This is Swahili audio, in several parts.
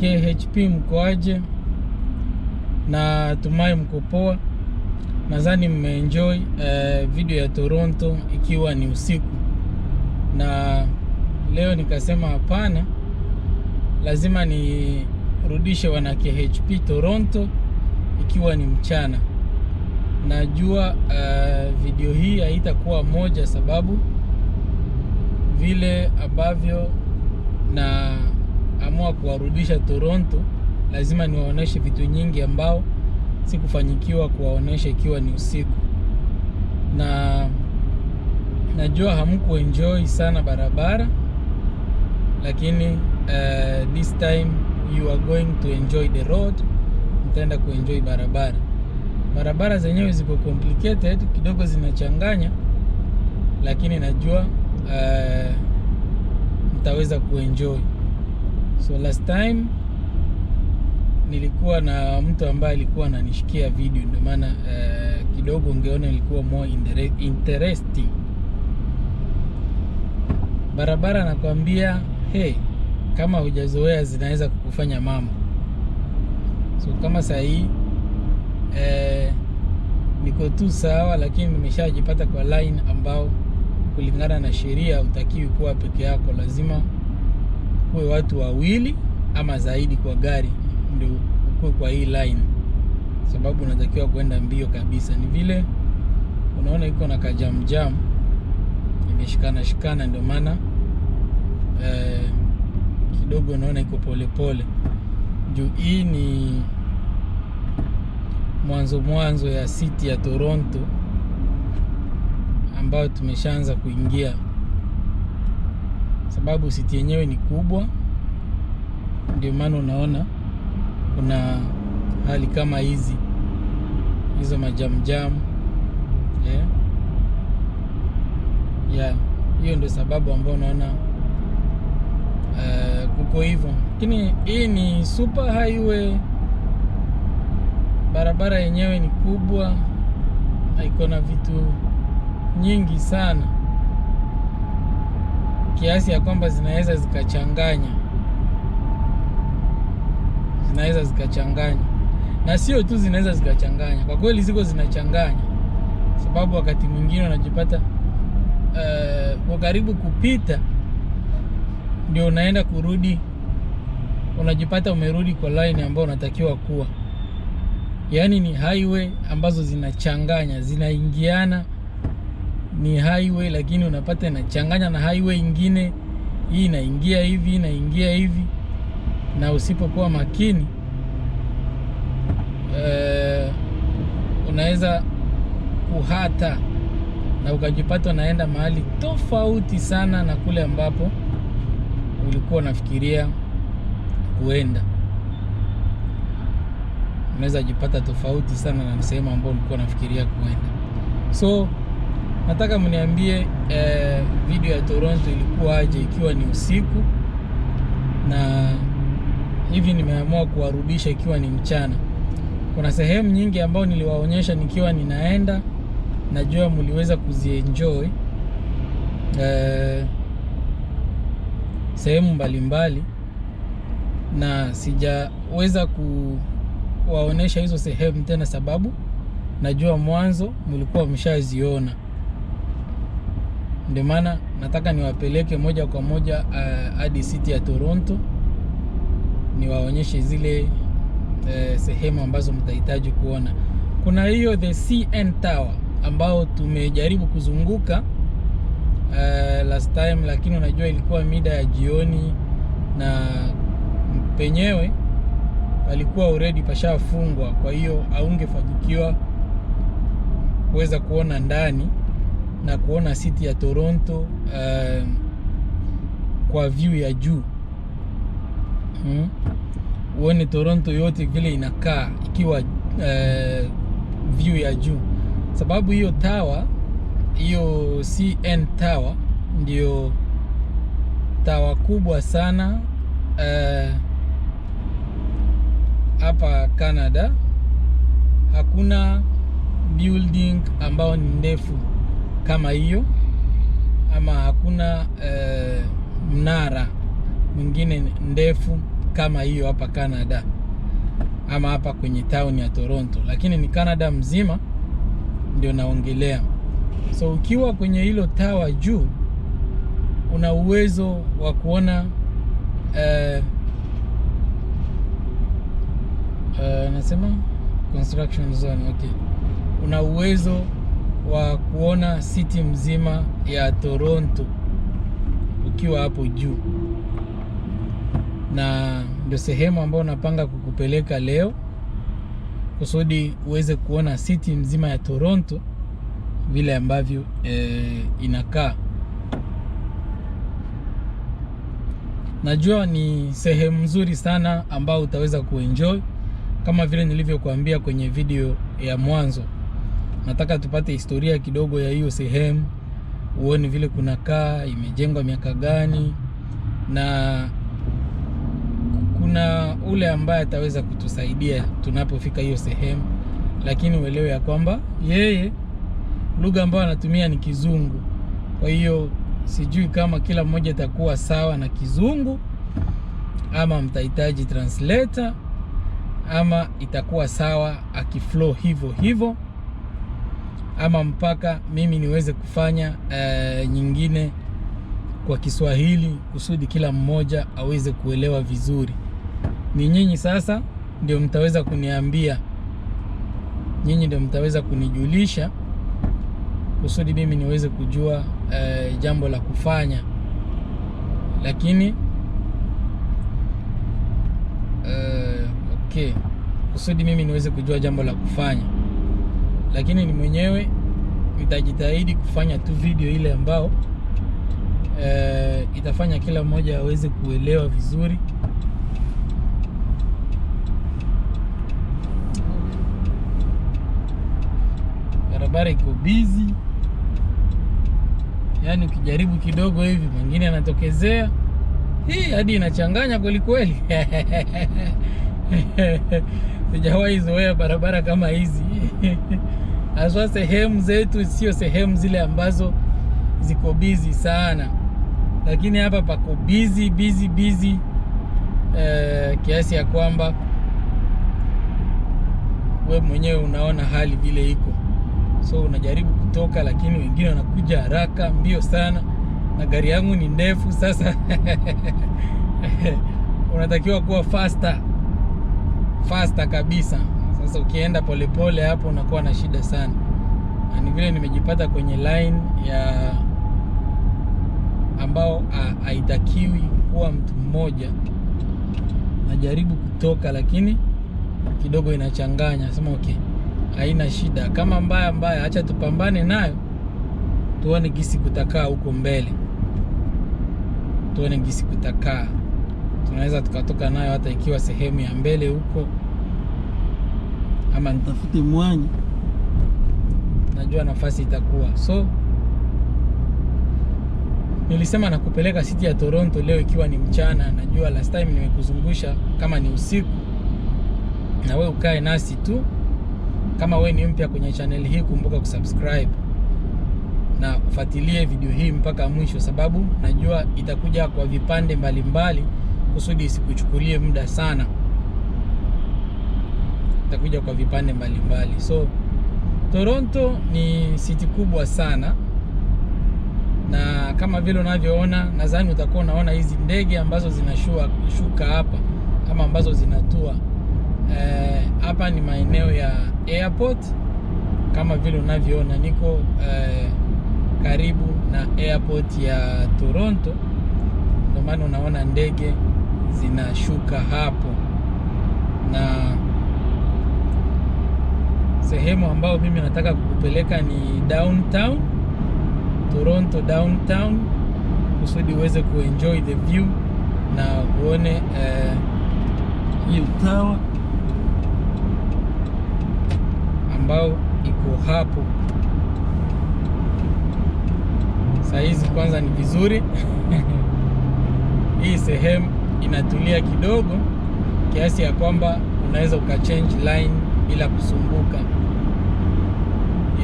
KHP mkoaje? Na tumai mkopoa nadhani mmeenjoy uh, video ya Toronto ikiwa ni usiku, na leo nikasema hapana, lazima nirudishe wana KHP Toronto ikiwa ni mchana. Najua uh, video hii haitakuwa moja, sababu vile ambavyo na amua kuwarudisha Toronto, lazima niwaoneshe vitu nyingi ambao sikufanyikiwa kuwaonesha ikiwa ni usiku, na najua hamkuenjoi sana barabara, lakini uh, this time you are going to enjoy the road, mtaenda kuenjoy barabara. Barabara zenyewe ziko complicated kidogo, zinachanganya, lakini najua uh, mtaweza kuenjoy. So last time nilikuwa na mtu ambaye alikuwa ananishikia video, ndio maana uh, kidogo ungeona ilikuwa more interesting. Barabara nakwambia, he kama hujazoea zinaweza kukufanya mambo. So kama sahii hii eh, niko tu sawa, lakini nimeshajipata kwa line ambao kulingana na sheria utakiwi kuwa peke yako, lazima kuwe watu wawili ama zaidi kwa gari ndio ukuwe kwa hii line, sababu unatakiwa kwenda mbio kabisa. Ni vile unaona iko na kajamjam imeshikana shikana, ndio maana eh, kidogo unaona iko polepole juu hii ni mwanzo mwanzo ya city ya Toronto ambayo tumeshaanza kuingia sababu siti yenyewe ni kubwa, ndio maana unaona kuna hali kama hizi hizo majamjamu yeah. Yeah, hiyo ndio sababu ambayo unaona uh, kuko hivyo, lakini hii ni super highway. Barabara yenyewe ni kubwa, haiko na vitu nyingi sana kiasi ya kwamba zinaweza zikachanganya, zinaweza zikachanganya, na sio tu zinaweza zikachanganya, kwa kweli ziko zinachanganya, sababu wakati mwingine unajipata eh, kwa uh, karibu kupita, ndio unaenda kurudi, unajipata umerudi kwa line ambayo unatakiwa kuwa, yaani ni highway ambazo zinachanganya, zinaingiana ni highway, lakini unapata inachanganya na highway ingine, hii inaingia hivi, inaingia hivi, na usipokuwa makini eh, unaweza kuhata na ukajipata unaenda mahali tofauti sana na kule ambapo ulikuwa unafikiria kuenda. Unaweza jipata tofauti sana na sehemu ambayo ulikuwa unafikiria kuenda so Nataka mniambie eh, video ya Toronto ilikuwaje ikiwa ni usiku, na hivi nimeamua kuwarudisha ikiwa ni mchana. Kuna sehemu nyingi ambayo niliwaonyesha nikiwa ninaenda, najua mliweza kuzienjoy eh, sehemu mbalimbali na sijaweza kuwaonyesha hizo sehemu tena, sababu najua mwanzo mlikuwa mshaziona. Ndio maana nataka niwapeleke moja kwa moja eh, hadi city ya Toronto, niwaonyeshe zile uh, sehemu ambazo mtahitaji kuona. Kuna hiyo the CN Tower ambao tumejaribu kuzunguka uh, last time, lakini unajua ilikuwa mida ya jioni na penyewe palikuwa already pashafungwa, kwa hiyo haungefanikiwa kuweza kuona ndani na kuona city ya Toronto uh, kwa view ya juu hmm? Uone Toronto yote vile inakaa ikiwa uh, view ya juu, sababu hiyo tawa hiyo CN Tower ndio tawa kubwa sana eh, hapa uh, Canada. Hakuna building ambayo ni ndefu kama hiyo ama hakuna e, mnara mwingine ndefu kama hiyo hapa Canada ama hapa kwenye town ya Toronto, lakini ni Canada mzima ndio naongelea. So ukiwa kwenye hilo tawa juu, una uwezo wa kuona eh, eh, nasema construction zone okay, una uwezo wa kuona city mzima ya Toronto ukiwa hapo juu, na ndio sehemu ambayo napanga kukupeleka leo kusudi uweze kuona city mzima ya Toronto vile ambavyo e, inakaa. Najua ni sehemu nzuri sana ambayo utaweza kuenjoy kama vile nilivyokuambia kwenye video ya mwanzo nataka tupate historia kidogo ya hiyo sehemu, uone vile kuna kaa imejengwa miaka gani, na kuna ule ambaye ataweza kutusaidia tunapofika hiyo sehemu, lakini uelewe ya kwamba yeye lugha ambayo anatumia ni Kizungu. Kwa hiyo sijui kama kila mmoja atakuwa sawa na Kizungu ama mtahitaji translator ama itakuwa sawa akiflow hivyo hivyo ama mpaka mimi niweze kufanya uh, nyingine kwa Kiswahili kusudi kila mmoja aweze kuelewa vizuri. Ni nyinyi sasa ndio mtaweza kuniambia, nyinyi ndio mtaweza kunijulisha kusudi mimi niweze kujua uh, jambo la kufanya, lakini uh, okay, kusudi mimi niweze kujua jambo la kufanya lakini ni mwenyewe nitajitahidi kufanya tu video ile ambao e, itafanya kila mmoja aweze kuelewa vizuri. Barabara iko busy, yaani ukijaribu kidogo hivi mwingine anatokezea, hii hadi inachanganya kweli kweli. Sijawahi zoea barabara kama hizi. haswa sehemu zetu sio sehemu zile ambazo ziko bizi sana, lakini hapa pako bizi bizi bizi e, kiasi ya kwamba we mwenyewe unaona hali vile iko, so unajaribu kutoka, lakini wengine wanakuja haraka mbio sana, na gari yangu ni ndefu. Sasa unatakiwa kuwa faster faster kabisa. Sasa ukienda polepole hapo unakuwa na shida sana, na ni vile nimejipata kwenye line ya ambao haitakiwi kuwa mtu mmoja. Najaribu kutoka, lakini kidogo inachanganya. Sema okay, haina shida, kama mbaya mbaya, acha tupambane nayo, tuone gisi kutakaa huko mbele, tuone gisi kutakaa, tunaweza tukatoka nayo hata ikiwa sehemu ya mbele huko ama nitafute mwanya, najua nafasi itakuwa. So nilisema nakupeleka siti ya Toronto leo ikiwa ni mchana. Najua last time nimekuzungusha kama ni usiku, na we ukae nasi tu. Kama we ni mpya kwenye channel hii, kumbuka kusubscribe na ufuatilie video hii mpaka mwisho, sababu najua itakuja kwa vipande mbalimbali kusudi isikuchukulie muda sana itakuja kwa vipande mbalimbali. So Toronto ni city kubwa sana, na kama vile unavyoona, nadhani utakuwa unaona hizi ndege ambazo shuka hapa ama ambazo zinatua eh, hapa. ni maeneo ya airport kama vile unavyoona niko eh, karibu na airport ya Toronto, ndio maana unaona ndege zinashuka hapo na sehemu ambayo mimi nataka kukupeleka ni downtown Toronto downtown, kusudi uweze kuenjoy the view na uone uh, eh, hiyo tower ambao iko hapo saizi. Kwanza ni vizuri hii sehemu inatulia kidogo kiasi ya kwamba unaweza ukachange line bila kusumbuka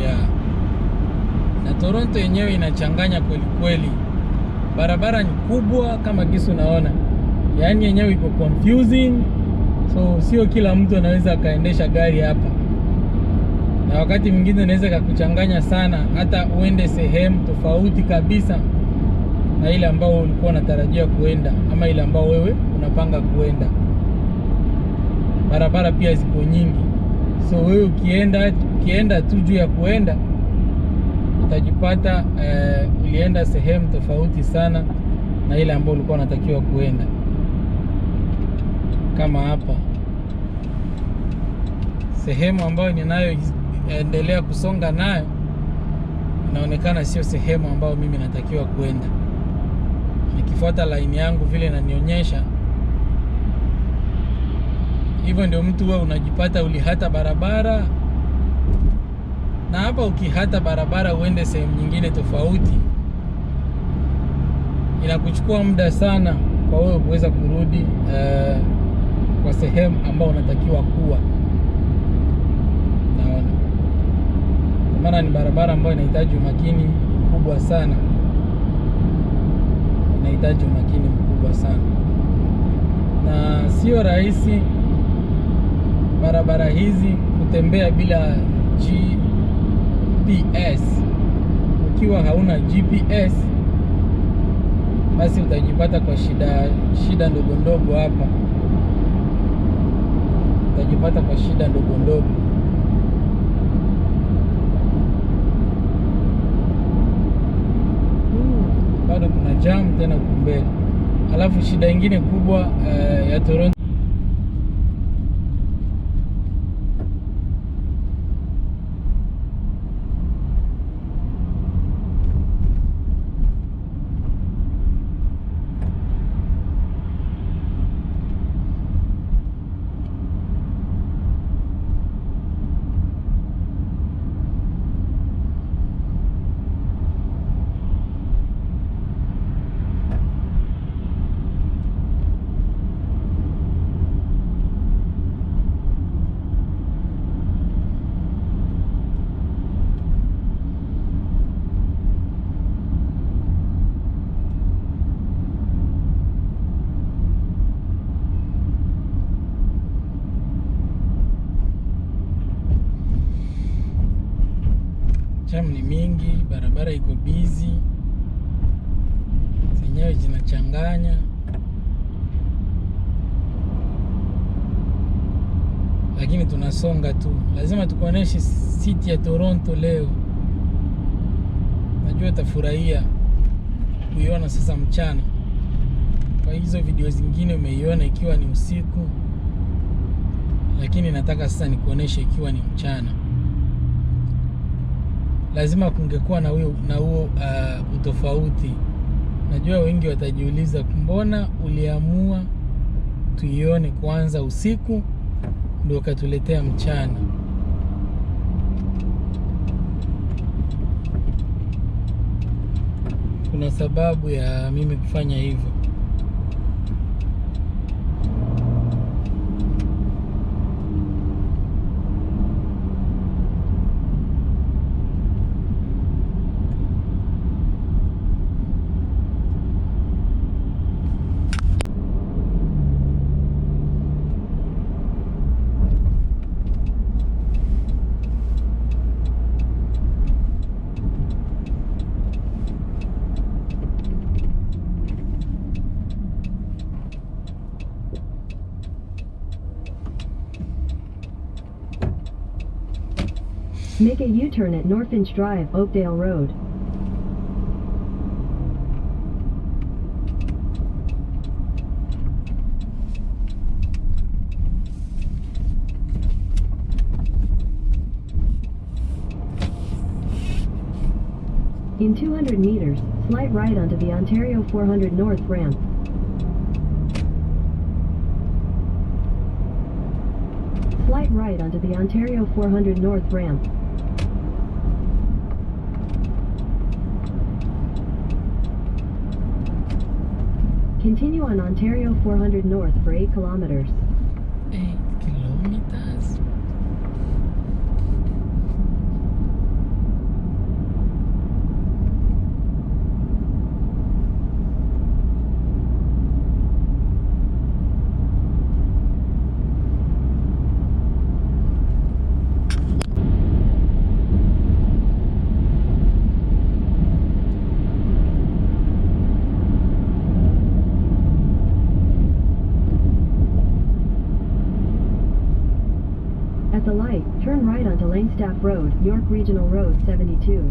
yeah. Na Toronto yenyewe inachanganya kweli kweli, barabara ni kubwa kama kisu naona yaani yenyewe iko confusing, so sio kila mtu anaweza akaendesha gari hapa, na wakati mwingine unaweza kakuchanganya sana, hata uende sehemu tofauti kabisa na ile ambao ulikuwa unatarajia kuenda ama ile ambao wewe unapanga kuenda. Barabara pia ziko nyingi. So wewe ukienda ukienda tu juu ya kuenda utajipata uh, ulienda sehemu tofauti sana na ile ambayo ulikuwa unatakiwa kuenda, kama hapa sehemu ambayo ninayoendelea kusonga nayo inaonekana sio sehemu ambayo mimi natakiwa kuenda. Nikifuata laini yangu vile inanionyesha hivyo ndio mtu wewe unajipata ulihata barabara, na hapa ukihata barabara uende sehemu nyingine tofauti, inakuchukua muda sana kwa wewe kuweza kurudi uh, kwa sehemu ambayo unatakiwa kuwa. Naona kwa maana ni barabara ambayo inahitaji umakini mkubwa sana, inahitaji umakini mkubwa sana na sio rahisi barabara hizi kutembea bila GPS. Ukiwa hauna GPS basi utajipata kwa shida shida ndogo ndogo hapa, utajipata kwa shida ndogo ndogo. Bado kuna jam tena kumbele, alafu shida ingine kubwa uh, ya Toronto time ni mingi, barabara iko busy, zenyewe zinachanganya, lakini tunasonga tu. Lazima tukuoneshe city ya Toronto leo, najua utafurahia kuiona sasa mchana. Kwa hizo video zingine umeiona ikiwa ni usiku, lakini nataka sasa nikuoneshe ikiwa ni mchana lazima kungekuwa na huo na huo uh, utofauti. Najua wengi watajiuliza, mbona uliamua tuione kwanza usiku ndio ukatuletea mchana? Kuna sababu ya mimi kufanya hivyo. Make a U-turn at Norfinch Drive, Oakdale Road. In 200 meters, slight right onto the Ontario 400 North ramp. Slight right onto the Ontario 400 North ramp. Continue on Ontario 400 north for 8 kilometers. 8 kilometers? Staff Road, York Regional Road 72.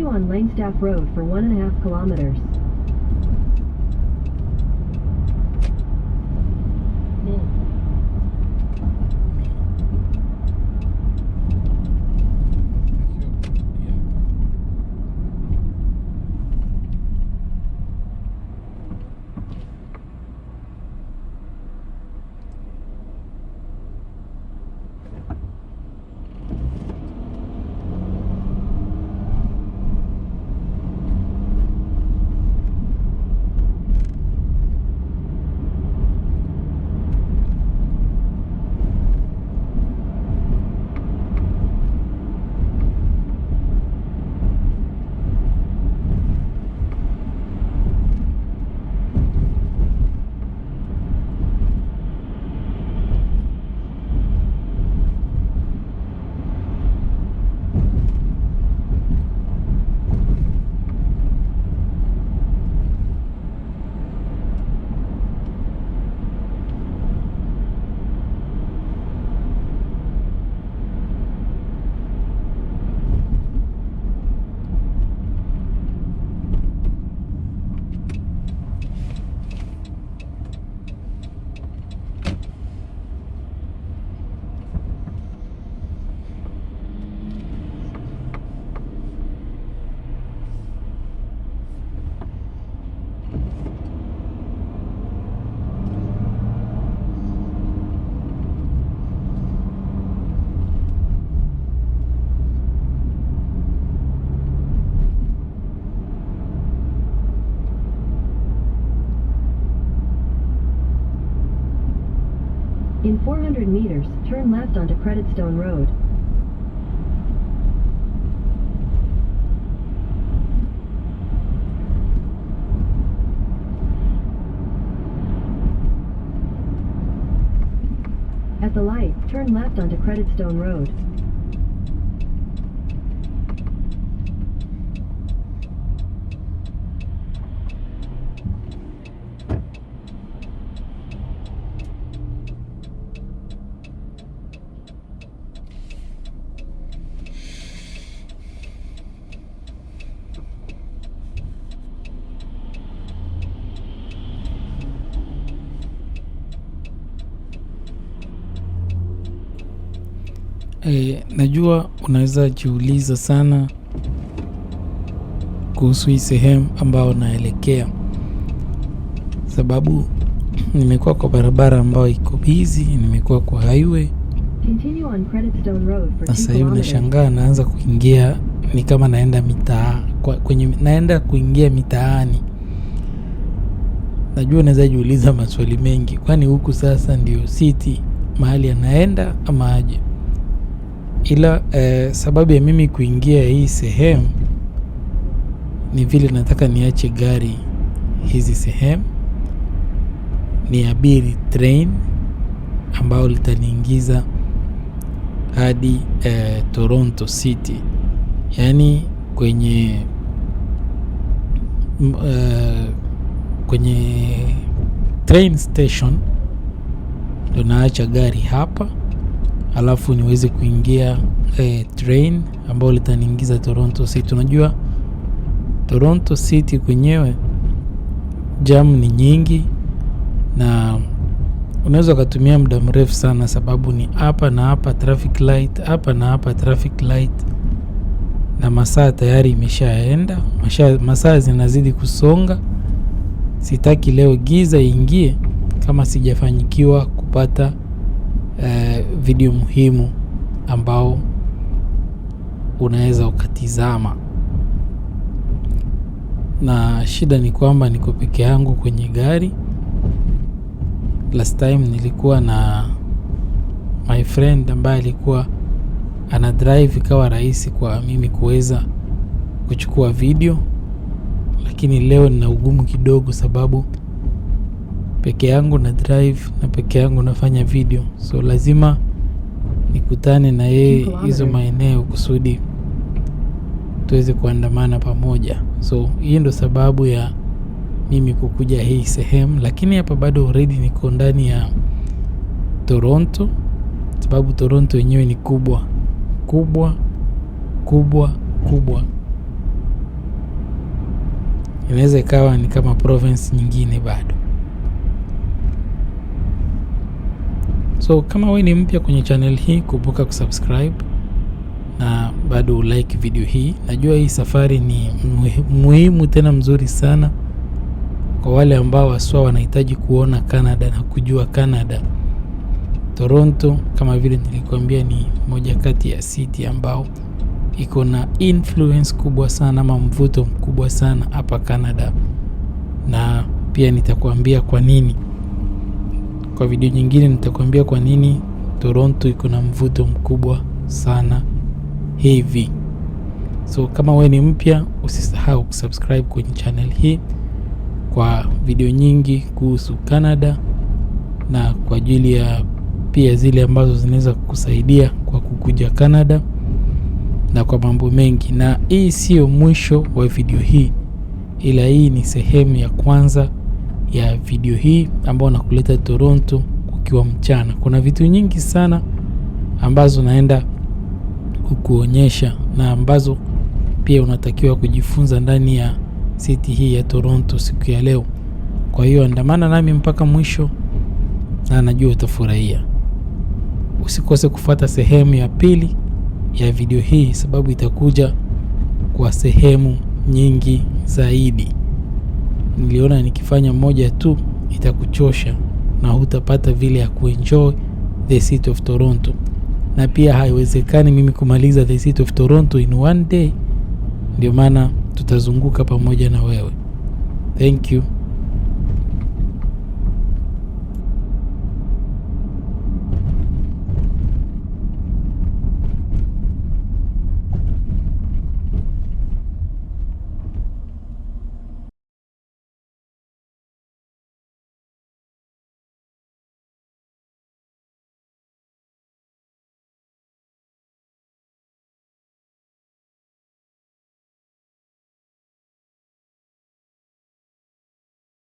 Continue on Langstaff Road for one and a half kilometers. 400 meters, turn left onto Creditstone Road. At the light, turn left onto Creditstone Road. Najua unaweza jiuliza sana kuhusu hii sehemu ambayo naelekea, sababu nimekuwa kwa barabara ambayo iko bizi, nimekuwa kwa haiwe na sasa hivi nashangaa naanza kuingia, ni kama naenda mitaa kwenye, naenda kuingia mitaani. Najua unaweza jiuliza maswali mengi, kwani huku sasa ndio city mahali anaenda ama aje? ila eh, sababu ya mimi kuingia hii sehemu ni vile nataka niache gari hizi sehemu niabiri train ambayo litaniingiza hadi eh, Toronto City, yaani kwenye mm, eh, kwenye train station ndo naacha gari hapa alafu niweze kuingia eh, train ambayo litaniingiza Toronto City. Unajua Toronto City kwenyewe jam ni nyingi na unaweza ukatumia muda mrefu sana, sababu ni hapa na hapa traffic light, hapa na hapa traffic light, na masaa tayari imeshaenda, masaa zinazidi kusonga. Sitaki leo giza iingie kama sijafanyikiwa kupata eh, video muhimu ambao unaweza ukatizama, na shida ni kwamba niko peke yangu kwenye gari. Last time nilikuwa na my friend ambaye alikuwa ana drive, ikawa rahisi kwa mimi kuweza kuchukua video, lakini leo nina ugumu kidogo sababu peke yangu na drive na peke yangu nafanya video, so lazima nikutane na yeye hizo maeneo kusudi tuweze kuandamana pamoja. So hii ndo sababu ya mimi kukuja hii sehemu, lakini hapa bado redi niko ndani ya Toronto, sababu Toronto yenyewe ni kubwa kubwa kubwa kubwa, inaweza ikawa ni kama province nyingine bado. So kama wewe ni mpya kwenye channel hii, kumbuka kusubscribe na bado ulike video hii. Najua hii safari ni muhimu tena mzuri sana kwa wale ambao waswa wanahitaji kuona Canada na kujua Canada. Toronto kama vile nilikuambia, ni moja kati ya city ambao iko na influence kubwa sana ama mvuto mkubwa sana hapa Canada, na pia nitakuambia kwa nini kwa video nyingine nitakwambia kwa nini Toronto iko na mvuto mkubwa sana hivi. So kama wewe ni mpya, usisahau kusubscribe kwenye channel hii kwa video nyingi kuhusu Canada na kwa ajili ya pia zile ambazo zinaweza kukusaidia kwa kukuja Canada na kwa mambo mengi. Na hii siyo mwisho wa video hii, ila hii ni sehemu ya kwanza ya video hii ambao nakuleta Toronto kukiwa mchana. Kuna vitu nyingi sana ambazo naenda kukuonyesha na ambazo pia unatakiwa kujifunza ndani ya city hii ya Toronto siku ya leo. Kwa hiyo andamana nami mpaka mwisho na najua utafurahia. Usikose kufuata sehemu ya pili ya video hii, sababu itakuja kwa sehemu nyingi zaidi niliona nikifanya moja tu itakuchosha na hutapata vile ya kuenjoy the city of Toronto, na pia haiwezekani mimi kumaliza the city of Toronto in one day. Ndio maana tutazunguka pamoja na wewe. Thank you.